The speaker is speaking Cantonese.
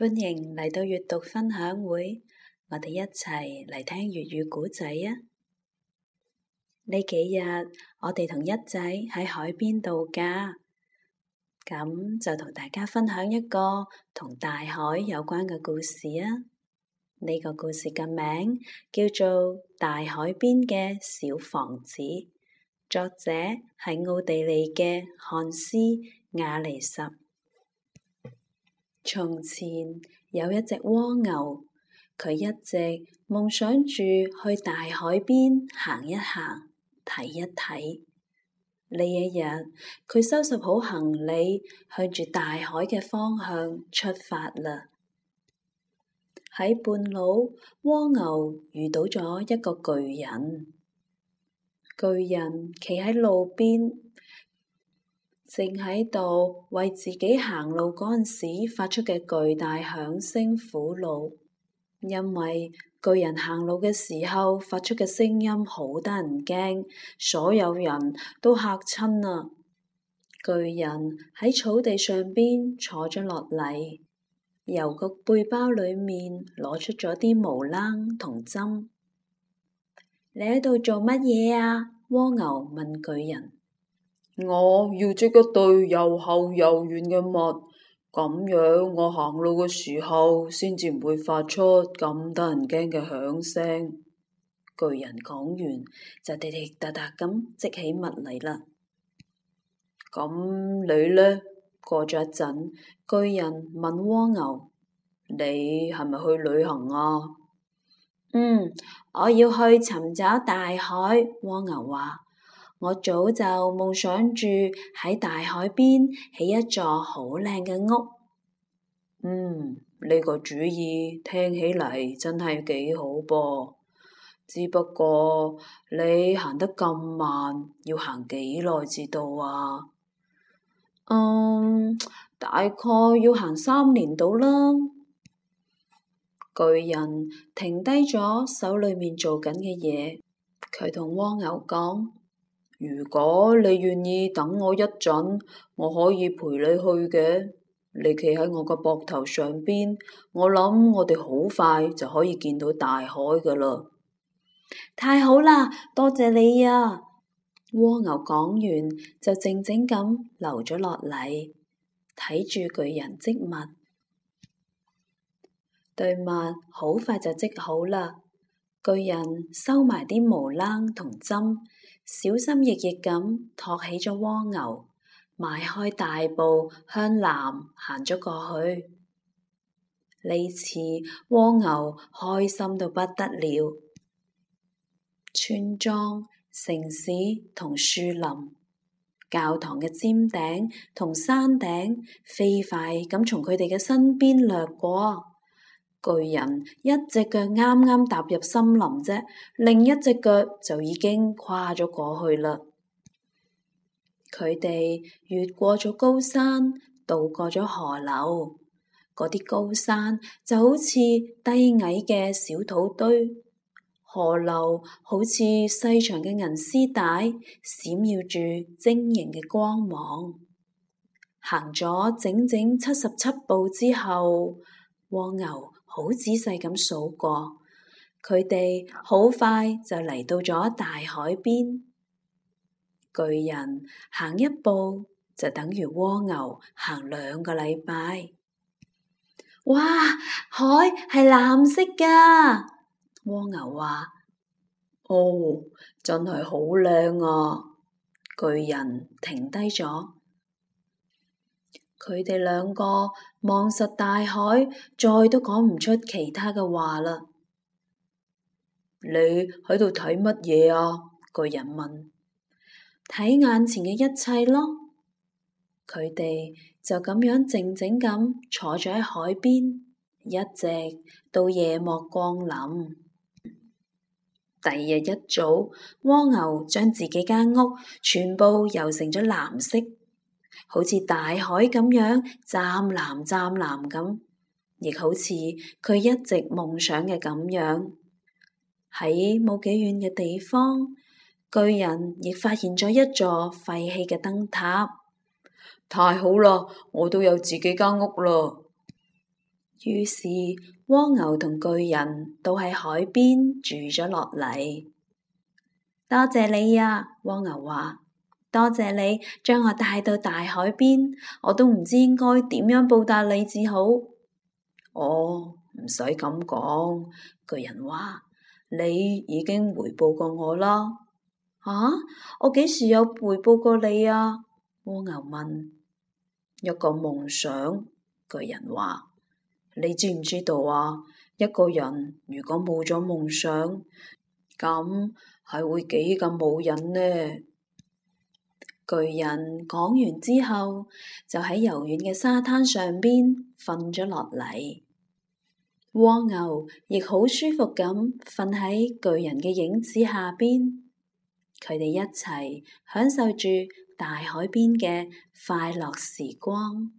歡迎嚟到閱讀分享會，我哋一齊嚟聽粵語古仔啊！呢幾日我哋同一仔喺海邊度假，咁就同大家分享一個同大海有關嘅故事啊！呢、呢個故事嘅名叫做《大海邊嘅小房子》，作者係奧地利嘅漢斯·雅尼什。從前有一隻蝸牛，佢一直夢想住去大海邊行一行、睇一睇。呢一日，佢收拾好行李，向住大海嘅方向出發啦。喺半路，蝸牛遇到咗一個巨人，巨人企喺路邊。正喺度為自己行路嗰陣時發出嘅巨大響聲苦惱，因為巨人行路嘅時候發出嘅聲音好得人驚，所有人都嚇親啦。巨人喺草地上邊坐咗落嚟，由個背包裏面攞出咗啲毛冷同針。你喺度做乜嘢啊？蝸牛問巨人。我要織一對又厚又軟嘅襪，咁樣我行路嘅時候先至唔會發出咁得人驚嘅響聲。巨人講完就滴滴答答咁織起物嚟啦。咁你呢？過咗一陣，巨人問蝸牛：你係咪去旅行啊？嗯，我要去尋找大海。蝸牛話。我早就夢想住喺大海邊起一座好靚嘅屋。嗯，呢個主意聽起嚟真係幾好噃。只不過你行得咁慢，要行幾耐至到啊？嗯，大概要行三年到啦。巨人停低咗手裏面做緊嘅嘢，佢同蝸牛講。如果你願意等我一陣，我可以陪你去嘅。你企喺我個膊頭上邊，我諗我哋好快就可以見到大海噶啦！太好啦，多謝你啊！蝸牛講完就靜靜咁留咗落嚟，睇住巨人織物，對襪好快就織好啦。巨人收埋啲毛楞同針，小心翼翼咁托起咗蝸牛，邁開大步向南行咗過去。呢次蝸牛開心到不得了，村莊、城市同樹林、教堂嘅尖頂同山頂，飛快咁從佢哋嘅身邊掠過。巨人一隻腳啱啱踏入森林啫，另一隻腳就已經跨咗過去啦。佢哋越過咗高山，渡過咗河流。嗰啲高山就好似低矮嘅小土堆，河流好似細長嘅銀絲帶，閃耀住晶瑩嘅光芒。行咗整整七十七步之後，蝸牛。好仔細咁數過，佢哋好快就嚟到咗大海邊。巨人行一步就等於蝸牛行兩個禮拜。哇，海係藍色噶！蝸牛話：哦，真係好靚啊！巨人停低咗。佢哋兩個望實大海，再都講唔出其他嘅話啦。你喺度睇乜嘢啊？巨人問。睇眼前嘅一切咯。佢哋就咁樣靜靜咁坐住喺海邊，一直到夜幕降臨。第二日一早，蝸牛將自己間屋全部油成咗藍色。好似大海咁樣湛藍湛藍咁，亦好似佢一直夢想嘅咁樣。喺冇幾遠嘅地方，巨人亦發現咗一座廢棄嘅燈塔。太好啦，我都有自己間屋啦。於是蝸牛同巨人都喺海邊住咗落嚟。多謝你呀，蝸牛話。多謝你將我帶到大海邊，我都唔知應該點樣報答你至好。哦，唔使咁講，巨人話，你已經回報過我啦。吓，我幾時有回報過你啊？蝸牛問。一個夢想，巨人話：你知唔知道啊？一個人如果冇咗夢想，咁係會幾咁冇癮呢？巨人講完之後，就喺柔軟嘅沙灘上邊瞓咗落嚟。蝸牛亦好舒服咁瞓喺巨人嘅影子下邊，佢哋一齊享受住大海邊嘅快樂時光。